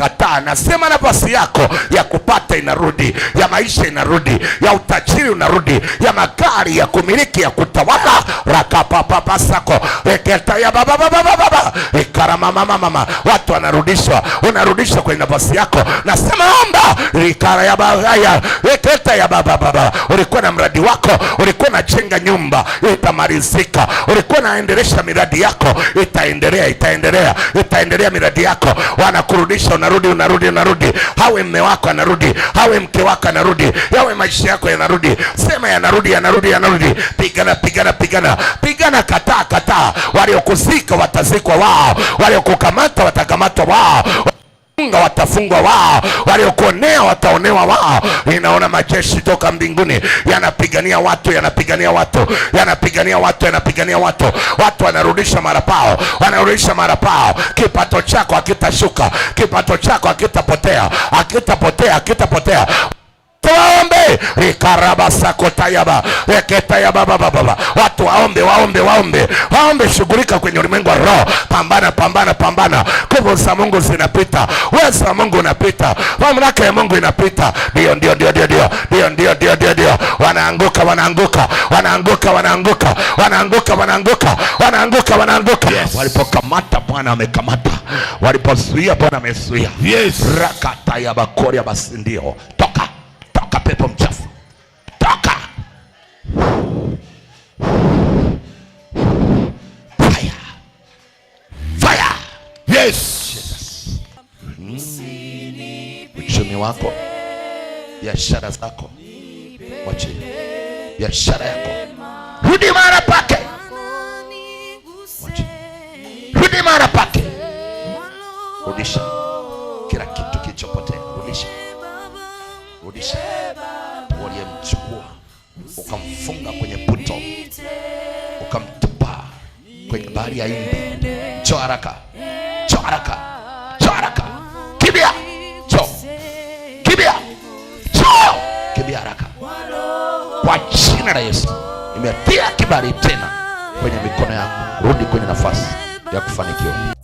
kataa. Nasema nafasi yako ya kupata inarudi, ya maisha inarudi, ya utajiri unarudi, ya magari ya kumiliki, ya kutawala rakapapapasako ya baba mama, mama, mama. Watu wanarudishwa, unarudishwa kwenye nafasi yako. Nasema omba rikara ya bahaya weketa ya baba baba. Ulikuwa na mradi wako, ulikuwa unajenga nyumba, itamalizika. Ulikuwa unaendelesha miradi yako, itaendelea, itaendelea, itaendelea miradi yako. Wanakurudisha, unarudi, unarudi, unarudi. Hawe mme wako anarudi, hawe mke wako anarudi, yawe maisha yako yanarudi. Sema yanarudi, yanarudi, yanarudi. Pigana, pigana, pigana, pigana, kataa, kataa. Waliokuzika watazikwa wao, wali waliokukamata watakamatwa wao, funga watafungwa wao, waliokuonea wataonewa wao. Ninaona majeshi toka mbinguni yanapigania watu yanapigania watu yanapigania watu yanapigania watu, watu wanarudisha mara pao wanarudisha mara pao. Kipato chako hakitashuka, kipato chako hakitapotea, hakitapotea, hakitapotea rikarabasakotayaba reketayababababa. Watu waombe, waombe, waombe, waombe, shughulika kwenye ulimwengu wa roho. Pambana, pambana, pambana. kuvu za Mungu zinapita, uwezo wa Mungu unapita, mamlaka ya Mungu inapita. Ndio, ndio, ndio, ndio, ndio, ndio, ndio, ndio, ndio, ndio. Wanaanguka, wanaanguka, wanaanguka, wanaanguka, wanaanguka, wanaanguka, wanaanguka, wanaanguka. Yes. Walipokamata Bwana amekamata, walipozuia Bwana amezuia. Yes. rakata ya bakoria basi ndio pepo mchafu, toka fire, fire. Yes, Mm. wako, biashara zako, wache biashara yako, rudi mara pake, wache rudi mara pake, rudisha kila kitu kilichopotea, rudisha, rudisha uliyemchukua ukamfunga kwenye puto ukamtupa kwenye bahari ya Hindi. Njoo haraka, njoo haraka, njoo haraka, kibia, njoo kibia, njoo kibia haraka, kwa jina la Yesu. imetia kibali tena kwenye mikono yako, rudi kwenye nafasi ya kufanikiwa.